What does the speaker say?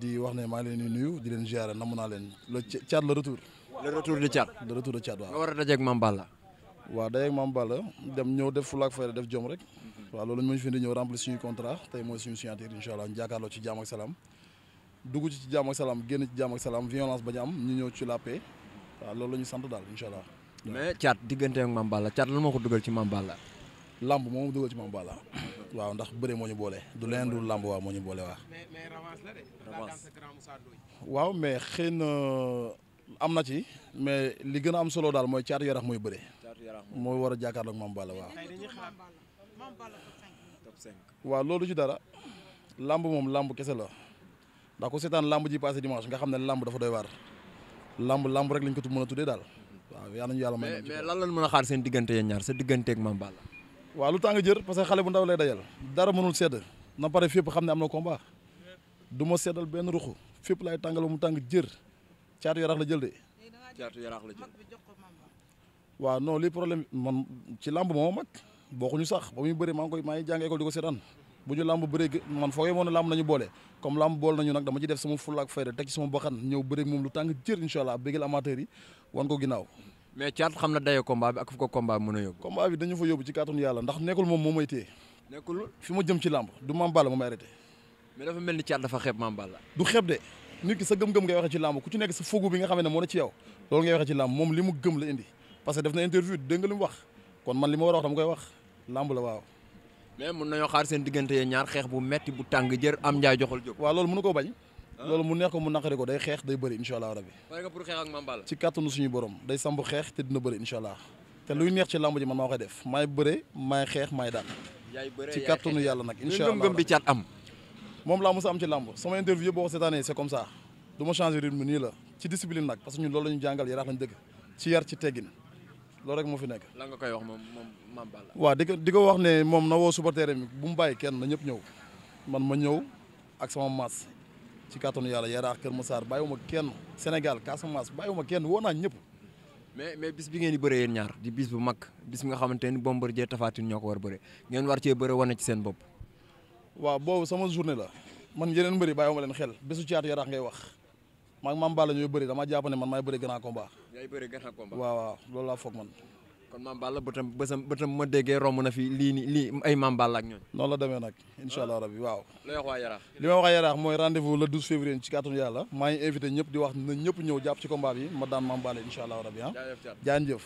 di wax ne maa ngi leen di nuyu di leen ziare namu naa leen le Thiat le retour. le retour de Thiat. le retour de Thiat waaw. nga war a dajeeg Mame Balla. waaw dajeeg dem ñëw def fulaak fayda def jom rek. waaw loolu ñu mën fi di ñëw remplir suñu contrat tey mooy suñu signature incha allah ñu jàkkaarloo ci jaam ak salaam dugg ci ci salaam génn ci jaam ak salaam violence ba ñu am ñu ñëw ci la paix waaw loolu ñu sant daal incha allah. mais Thiat diggante ak Mame Balla Thiat moo ko dugal ci Mame lamb moom dugal ci Mame waaw ndax bëre moo ñu boole du leneen du lamb waaw moo ñu boole waa waaw mais xëy na euh, am na ci mais li gën a am solo daal mooy caatu yarax mooy bëre moo war a jàkkaarloo ak Mame Balla waaw waaw loolu ci dara làmb moom lamb kese la ndax ku seetaan làmb ji passé dimanche nga xam ne lamb dafa doy war làmb làmb rek lañ ko mën a tuddee daal waaw yaa nañu yàlla may mais lan lañ mën a xaar seen diggante yéen ñaar sa diggante ak Mame waaw lu tàng jër parce que xale bu ndaw lay dajal dara mënul sedd na pare fépp xam ne am na combat du ma seddal benn ruxu fépp laay tàngal ba mu tàng jër caatu yaraax la jël de. caatu yaraax la jël waaw non li problème man ci làmb moo mag bokkuñu sax ba muy bëri maa ngi koy maa ngi jàng école di ko seetaan bu ñu làmb bëree man foogee moom ne làmb nañu boole comme làmb bool nañu nag dama ci def sama fulla ak fayda teg ci sama baxan ñëw bëri moom lu tàng jër incha allah bégal amateur yi wan ko ginnaaw mais caat xam na dayo combat bi ak fu ko combat mën a yóbbu combat bi dañu fa yóbbu ci kàttanu yàlla ndax nekkul moom moo may téye nekkul fi ma jëm ci làmb du Mame Balla moo may arrêté mais dafa mel ni caat dafa xeeb Mame Balla du xeeb de nit ki sa gëm-gëm ngay waxee ci làmb ku ci nekk sa foogu bi nga xam ne moo na ci yow loolu ngay waxee ci làmb moom li mu gëm la indi parce que def na interview dégg nga li mu wax kon man li ma war a wax dama koy wax làmb la waaw mais mën nañoo xaar seen diggante yee ñaar xeex bu metti bu tàng jër am njaay joxal jóg waaw loolu mënu ko bañ Ah. loolu mu neex ko mu naqari ko day xeex day bëri incha allah rabi. pare nga pour xeex ak Mame borom day samp xeex te dina bëri incha allah te luy neex ci lamb ji man maa koy def maay bëre maay xeex maay daan. yaay bëre ci kàttanu yàlla nag. incha allah ngëm-ngëm bi moom laa mos a am ci lamb sama interview ma changer rythme nii la ci discipline nag parce que ñun loolu la ñu jàngal yaraax lañ dëgg ci yar ci teggin loolu rek moo fi nekk. lan nga koy wax moom moom Mame Balla. waaw di ko di wax ne moom na woo supporter mi bu mu bàyyi kenn na ñëpp ñëw man ma ñëw ak sama masse ci kàttanu yàlla yaraax Kër Massar bàyyiwuma kenn Sénégal Casamance bàyyiwuma kenn woo naa ñëpp. mais mais bis bi ngeen di bëree yéen ñaar di bis bu mag bis bi nga xamante ni Bombardier Tapha Tine ñoo ko war a bëre ngeen war cee bëre wane ci seen bopp. waaw boobu sama journée la man yeneen mbëri bàyyiwuma leen xel bésu caatu yaraax ngay wax man maam Balla ñooy bëri dama jàpp ne man maay bëri grand combat. yaay bëri grand combat waaw waaw loolu laa foog man. kon Mame Balla bëtam bësam bëtam ma déggee romb na fi lii nii lii ay Mame Balla ak ñooñ noonu la demee nag incha allah rabbi waaw lay wax waa yaraax li ma wax yaraax mooy rendez-vous le 12 février ci kàttanu yàlla maa ngi invité ñëpp di wax na ñëpp ñëw jàpp ci combat bi ma daan Mame Balla incha allah rabbi ah jaan jëf